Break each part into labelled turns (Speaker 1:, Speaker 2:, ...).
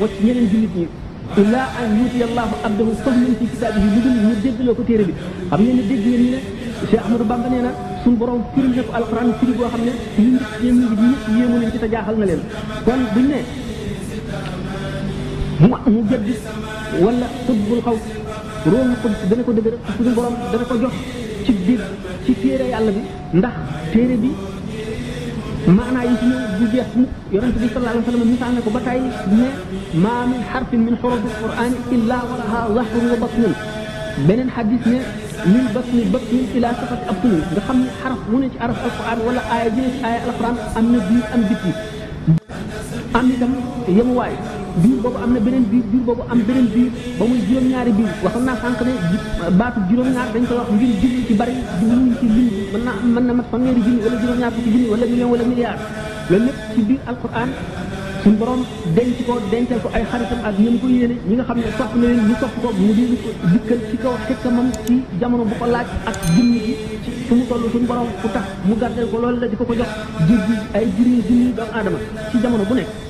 Speaker 1: wax ci ñeneen jullit ñi illa am yuuti allahu abdahu fadlin fi kitaabihi lu dul ñu déggloo ko téere bi am ngeen ne dégg ngeen ñu ne Cheikh Ahmadou Bamba nee na suñu borom firi na ko alxuraan firi boo xam ne ñu ngi ñu ngi yéemu leen jaaxal na leen kon buñ ne mu mu jaddis wala xutbul xaw roomu xut dana ko dëgëral suñu borom ko jox ci dégg ci téere yàlla bi ndax téere bi maanaa yi ci ñëw du jeex mu yonent bi sallallahu alayhi wa sallam misaal na ko ba tey ne maa min xarfin min xurufi alquran illa walaha zahrun wa batnun beneen xadis ne min batni batnin ila safati abtuni nga xam ne xaraf mu ne ci araf alquran wala aaya ji ne ci aaya alquran am na biir am bitti am itam yemuwaay biir boobu am na beneen biir biir boobu am beneen biir ba muy juróom-ñaari biir waxoon naa sànq ne baatu juróom-ñaar dañ koy wax ngir jublu ci bari jubluñ ci lim bi mën naa mën na mat fanweeri junni wala juróom-ñaar fukki junni wala million wala milliard loolu lépp ci biir alquran suñ borom denc ko dencal ko ay xaritam ak ñoom ko yéene ñi nga xam ne sopp na leen ñu sopp ko mu di ko dikkal ci kaw xekkamam ci jamono bu ko laaj ak junni gi fu mu toll suñ borom ku tax mu gardel ko loolu la di ko ko jox ay junni junni doomu ci jamono bu nekk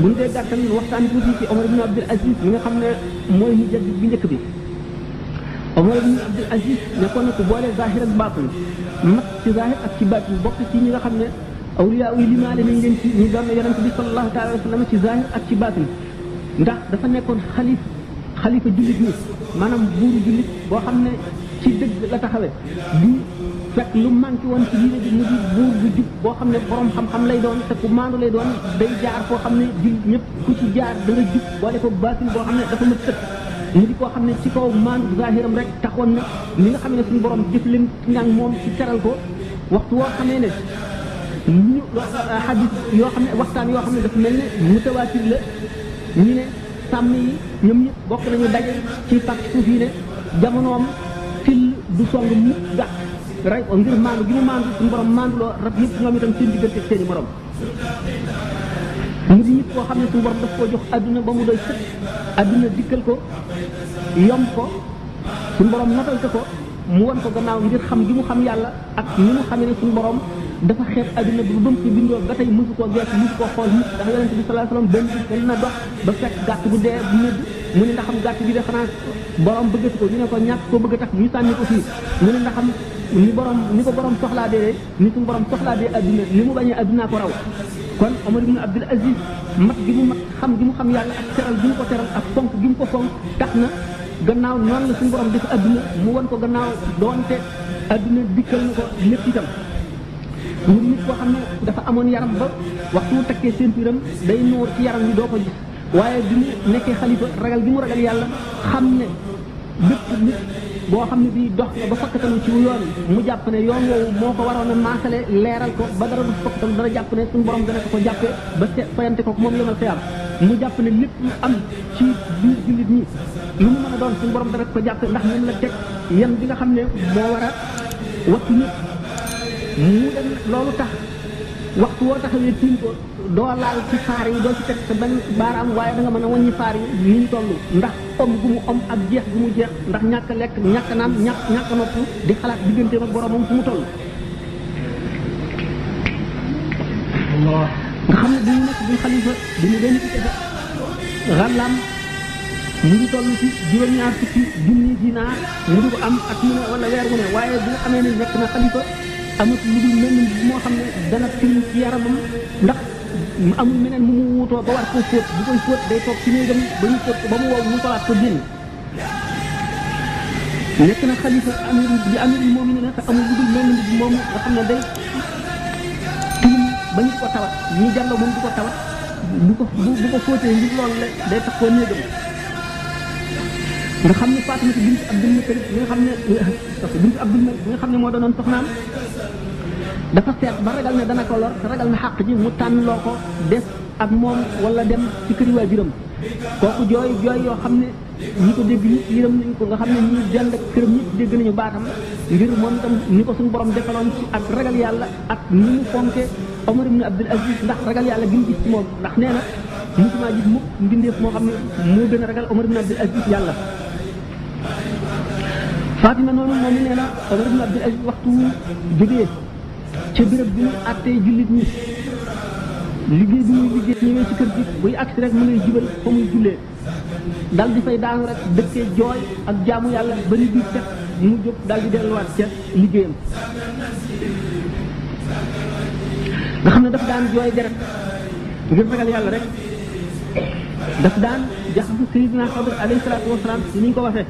Speaker 1: bu ñu dee gàttal waxtaan tuuti ci Omar ibn Abdul Aziz mi nga xam ne mooy hijab bi njëkk bi Omar ibn Abdul Aziz nekkoon na ku boole zahir ak baatin mat ci zahir ak ci baatin bokk ci ñi nga xam ne awliyaa yi limaale nañ leen ci ñi doon yonent bi sallallahu taala wa sallam ci zahir ak ci baatin ndax dafa nekkoon xalif xalifa jullit ñi maanaam buuru jullit boo xam ne ci dëgg la taxawee du fekk lu manqué woon ci diine bi di buur bu jub boo xam ne borom xam-xam lay doon te ku maandu lay doon day jaar koo xam ne jul ñëpp ku ci jaar da nga jub boole ko baatin boo xam ne dafa ma sëkk mu di koo xam ne ci kaw maandu zahiram rek taxoon na li nga xam ne suñu borom jëf leen ngang moom ci teral ko waxtu woo xamee ne ñu xadis yoo xam ne waxtaan yoo xam ne dafa mel ne mutawaatir la ñu ne sàmm yi ñoom ñëpp bokk nañu daje ci pàcc suuf yi du song mu gàtt rey ko ngir maandu gi mu maandu suñu borom maanduloo rab yëpp ñoom itam seen diggante seen i morom mu di nit koo xam ne suñu borom daf koo jox adduna ba mu doy sëkk adduna dikkal ko yomb ko suñu borom natal ko mu wan ko gannaaw ngir xam gi mu xam yàlla ak ni mu xamee ne suñu borom dafa xeeb bi ba mu ci bindoo ba koo gees mësu koo xool nit ndax yonente bi sallallahu alayhi wasallam benn bis dina dox ba fekk gàtt bu dee bu mu ne ndax am gàtt gi de xanaa borom bëggati ko ñu ne ko ñàkk ko bëgg a tax ñu sànni ko fii mu ne ndax am ni borom ni ko borom soxlaa dee ni suñu borom soxlaa dee adduna ni mu bañee addunaa ko raw kon Omar ibn Abdul Aziz mat gi mu mat xam gi mu xam yàlla ak teral gi mu ko teral ak fonk gi mu ko fonk tax na gannaaw noonu la suñu borom def adduna mu won ko gannaaw doonte adduna dikkal na ko lépp itam mu nit koo xam ne dafa amoon yaram ba day noor ci yaram bi doo ko gis waaye bi mu nekkee xalifa ragal gi mu ragal yàlla xam ne bépp nit boo xam ne bii dox na ba fakkatalu ci yoon mu jàpp ne yoon woowu moo ko waroon a maasale leeral ko ba dara du fakkatalu dana jàpp ne suñu borom dana ko ko ba se fayante ko moom yomal xiyaam mu jàpp ne lépp am ci biir jullit ñi lu mu mën a doon suñu borom dana ko jàppee ndax moom la teg yan bi nga xam ne moo war a wattu ñëpp mu dem loolu tax waxtu woo taxawee tiim ko doo laal ci faar yi doo ci teg sa benn baaraam waaye da nga mën a wàññi faar yi ni ñu toll ndax om gu mu om ak jeex gu mu jeex ndax ñàkk lekk ñàkk naan ñàkk ñàkk nopp di xalaat digganteem ak boromam fu mu toll nga xam ne bu ñu nekk buñ xalifa bu ñu benn ci ca xalaam mu ngi toll ci juróom-ñaar fukki junni dinaar mu di am ak mu ne wala weer wu ne waaye bu nga xamee ne nekk na xalifa amut lu dul lenn moo xam ne dana tilim ci ndax mu mu wutoo ba war koo fóot bu koy fóot day toog ci néegam ba ñu fóot ko ba mu wow mu solaat ko génn nekk na xalifa amir bi amirul mu'minin te amul lu dul moom nga xam ne day tilim ba ñu ko tawat ñu jàlloo moom du ko tawat bu ko bu ko fóotee ngir loolu day tax koo néegam nga xam ne Faatimata bint Abdul Muttalib nga xam ne bint Abdul Muttalib xam ne moo doonoon soxnaam dafa seet ba ragal ne dana ko lor ragal na xàq ji mu tànn loo ko des ak moom wala dem ci këri waajuram kooku jooy jooy yoo xam ne ñi ko dégg ñi yërëm nañ ko nga xam ne ñi dend ak këram ñëpp dégg nañu baatam ngir moom ni ko suñu borom defaloon ci ak ragal yàlla ak ni mu fonke Omar ibn Abdul Aziz ndax ragal yàlla gi mu moom ndax nee na musuma gis mukk mbindeef moo xam ne moo gën a ragal Omar ibn Abdul Aziz yàlla Fatima noonu moom nee na Omar ibn Abdul ca béréb bi muy àttee jullit ñi liggéey bi muy liggéey ñëwee ci kër gi buy agsi rek mu lay fa muy jullee dal fay daanu rek dëkkee jooy ak jaamu yàlla ba nit bi set mu jóg dal di delluwaat ca liggéeyam nga xam ne daf daan jooy deret ngir ragal yàlla rek daf daan jaxasu sayidina Xadir ñu ko waxee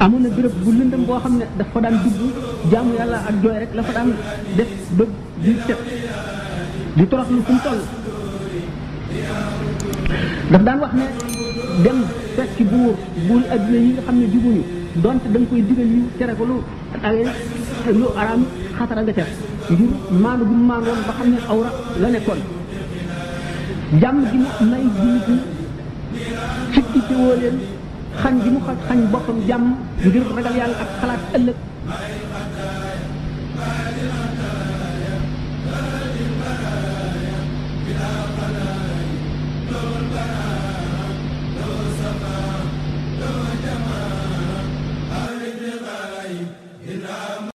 Speaker 1: amoon na béréb bu lëndëm boo xam ne daf fa daan dugg jaamu yàlla ak jooy rek la fa daan def ba di tëb di torox lu fu mu daan wax ne dem fekki buur buur adduna yi nga xam ne jubuñu donte da nga koy digal yu tere ko lu aye lu araam xatara nga tef ngir maanu bu maan ba xam ne awra la nekkoon jàmm gi mu may jullit ñi fit ittewoo leen xañ gi mu xañ boppam jàmm ngir ragal yàlla ak xalaat ëllëg